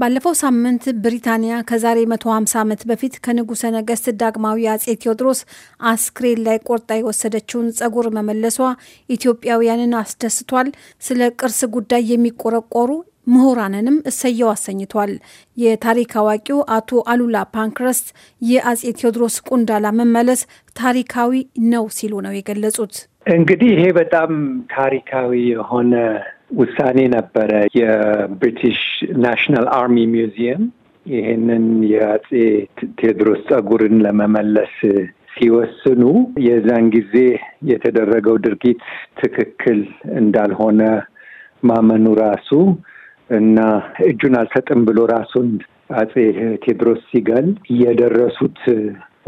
ባለፈው ሳምንት ብሪታንያ ከዛሬ 150 ዓመት በፊት ከንጉሠ ነገሥት ዳግማዊ አጼ ቴዎድሮስ አስክሬን ላይ ቆርጣ የወሰደችውን ጸጉር መመለሷ ኢትዮጵያውያንን አስደስቷል። ስለ ቅርስ ጉዳይ የሚቆረቆሩ ምሁራንንም እሰየው አሰኝቷል። የታሪክ አዋቂው አቶ አሉላ ፓንክረስት የአጼ ቴዎድሮስ ቁንዳላ መመለስ ታሪካዊ ነው ሲሉ ነው የገለጹት። እንግዲህ ይሄ በጣም ታሪካዊ የሆነ ውሳኔ ነበረ። የብሪቲሽ ናሽናል አርሚ ሚውዚየም ይህንን የአጼ ቴዎድሮስ ጸጉርን ለመመለስ ሲወስኑ የዛን ጊዜ የተደረገው ድርጊት ትክክል እንዳልሆነ ማመኑ ራሱ እና እጁን አልሰጥም ብሎ ራሱን አጼ ቴዎድሮስ ሲገል የደረሱት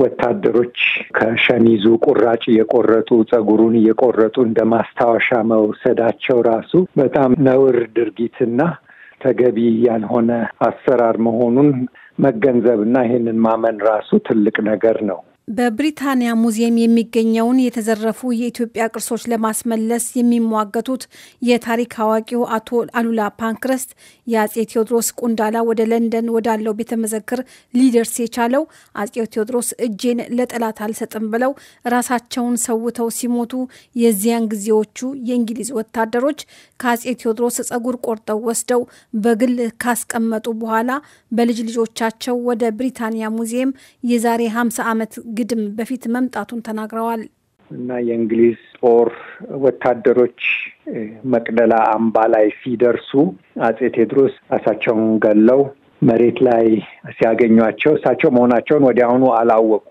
ወታደሮች ከሸሚዙ ቁራጭ እየቆረጡ ጸጉሩን እየቆረጡ እንደ ማስታወሻ መውሰዳቸው ራሱ በጣም ነውር ድርጊትና ተገቢ ያልሆነ አሰራር መሆኑን መገንዘብና ይህንን ማመን ራሱ ትልቅ ነገር ነው። በብሪታንያ ሙዚየም የሚገኘውን የተዘረፉ የኢትዮጵያ ቅርሶች ለማስመለስ የሚሟገቱት የታሪክ አዋቂው አቶ አሉላ ፓንክረስት የአጼ ቴዎድሮስ ቁንዳላ ወደ ለንደን ወዳለው ቤተ መዘክር ሊደርስ የቻለው አጼ ቴዎድሮስ እጄን ለጠላት አልሰጥም ብለው ራሳቸውን ሰውተው ሲሞቱ የዚያን ጊዜዎቹ የእንግሊዝ ወታደሮች ከአጼ ቴዎድሮስ ጸጉር ቆርጠው ወስደው በግል ካስቀመጡ በኋላ በልጅ ልጆቻቸው ወደ ብሪታንያ ሙዚየም የዛሬ 50 ዓመት ግድም በፊት መምጣቱን ተናግረዋል። እና የእንግሊዝ ጦር ወታደሮች መቅደላ አምባ ላይ ሲደርሱ አጼ ቴዎድሮስ እራሳቸውን ገለው መሬት ላይ ሲያገኟቸው እሳቸው መሆናቸውን ወዲያውኑ አላወቁ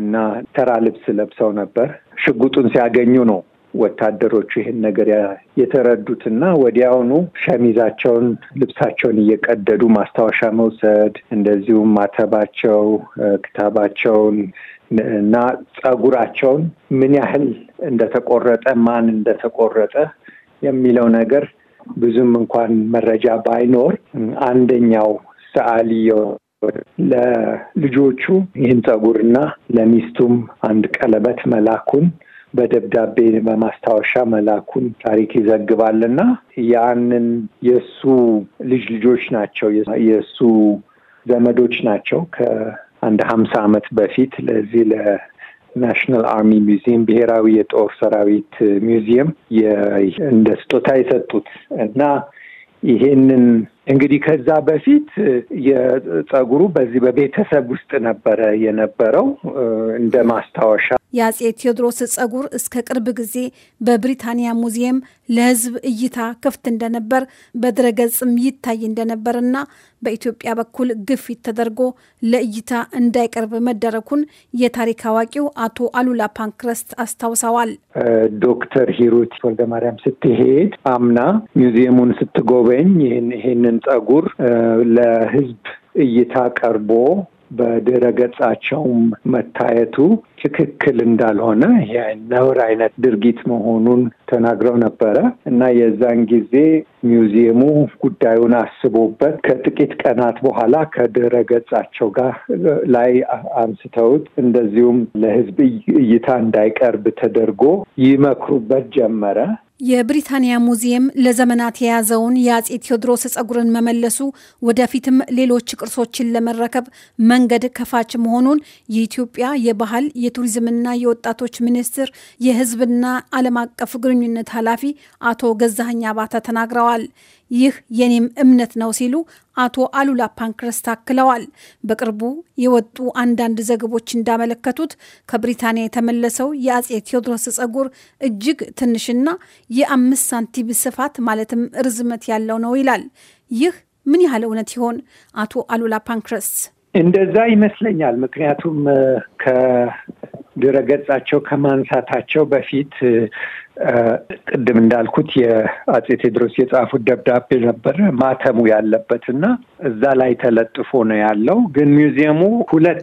እና ተራ ልብስ ለብሰው ነበር። ሽጉጡን ሲያገኙ ነው ወታደሮቹ ይህን ነገር የተረዱትና ወዲያውኑ ሸሚዛቸውን፣ ልብሳቸውን እየቀደዱ ማስታወሻ መውሰድ እንደዚሁም ማተባቸው፣ ክታባቸውን እና ጸጉራቸውን ምን ያህል እንደተቆረጠ ማን እንደተቆረጠ የሚለው ነገር ብዙም እንኳን መረጃ ባይኖር አንደኛው ሰዓሊ ለልጆቹ ይህን ጸጉርና ለሚስቱም አንድ ቀለበት መላኩን በደብዳቤ በማስታወሻ መላኩን ታሪክ ይዘግባልና ያንን የእሱ ልጅ ልጆች ናቸው የእሱ ዘመዶች ናቸው አንድ ሀምሳ ዓመት በፊት ለዚህ ለናሽናል አርሚ ሚውዚየም ብሔራዊ የጦር ሰራዊት ሚውዚየም እንደ ስጦታ የሰጡት እና ይሄንን እንግዲህ ከዛ በፊት የጸጉሩ በዚህ በቤተሰብ ውስጥ ነበረ የነበረው እንደ ማስታወሻ። የአጼ ቴዎድሮስ ጸጉር እስከ ቅርብ ጊዜ በብሪታንያ ሙዚየም ለሕዝብ እይታ ክፍት እንደነበር በድረገጽም ይታይ እንደነበርና በኢትዮጵያ በኩል ግፊት ተደርጎ ለእይታ እንዳይቀርብ መደረኩን የታሪክ አዋቂው አቶ አሉላ ፓንክረስት አስታውሰዋል። ዶክተር ሂሩት ወልደማርያም ስትሄድ አምና ሙዚየሙን ስትጎበኝ ይህን ፀጉር ለህዝብ እይታ ቀርቦ በድረ ገጻቸውም መታየቱ ትክክል እንዳልሆነ የነውር አይነት ድርጊት መሆኑን ተናግረው ነበረ እና የዛን ጊዜ ሚውዚየሙ ጉዳዩን አስቦበት ከጥቂት ቀናት በኋላ ከድረ ገጻቸው ጋር ላይ አንስተውት እንደዚሁም ለህዝብ እይታ እንዳይቀርብ ተደርጎ ይመክሩበት ጀመረ። የብሪታንያ ሙዚየም ለዘመናት የያዘውን የአጼ ቴዎድሮስ ጸጉርን መመለሱ ወደፊትም ሌሎች ቅርሶችን ለመረከብ መንገድ ከፋች መሆኑን የኢትዮጵያ የባህል የቱሪዝምና የወጣቶች ሚኒስትር የሕዝብና ዓለም አቀፍ ግንኙነት ኃላፊ አቶ ገዛኸኝ አባተ ተናግረዋል። ይህ የኔም እምነት ነው ሲሉ አቶ አሉላ ፓንክረስት ታክለዋል። በቅርቡ የወጡ አንዳንድ ዘገቦች እንዳመለከቱት ከብሪታንያ የተመለሰው የአጼ ቴዎድሮስ ጸጉር እጅግ ትንሽና የአምስት ሳንቲም ስፋት ማለትም ርዝመት ያለው ነው ይላል። ይህ ምን ያህል እውነት ይሆን? አቶ አሉላ ፓንክረስት እንደዛ ይመስለኛል። ምክንያቱም ከድረገጻቸው ከማንሳታቸው በፊት ቅድም እንዳልኩት የአጼ ቴዎድሮስ የጻፉት ደብዳቤ ነበረ ማተሙ ያለበት እና እዛ ላይ ተለጥፎ ነው ያለው። ግን ሚውዚየሙ ሁለት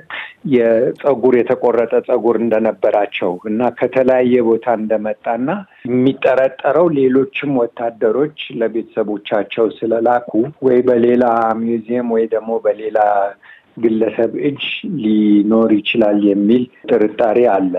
የጸጉር የተቆረጠ ጸጉር እንደነበራቸው እና ከተለያየ ቦታ እንደመጣና የሚጠረጠረው ሌሎችም ወታደሮች ለቤተሰቦቻቸው ስለላኩ ወይ በሌላ ሚውዚየም ወይ ደግሞ በሌላ ግለሰብ እጅ ሊኖር ይችላል የሚል ጥርጣሬ አለ።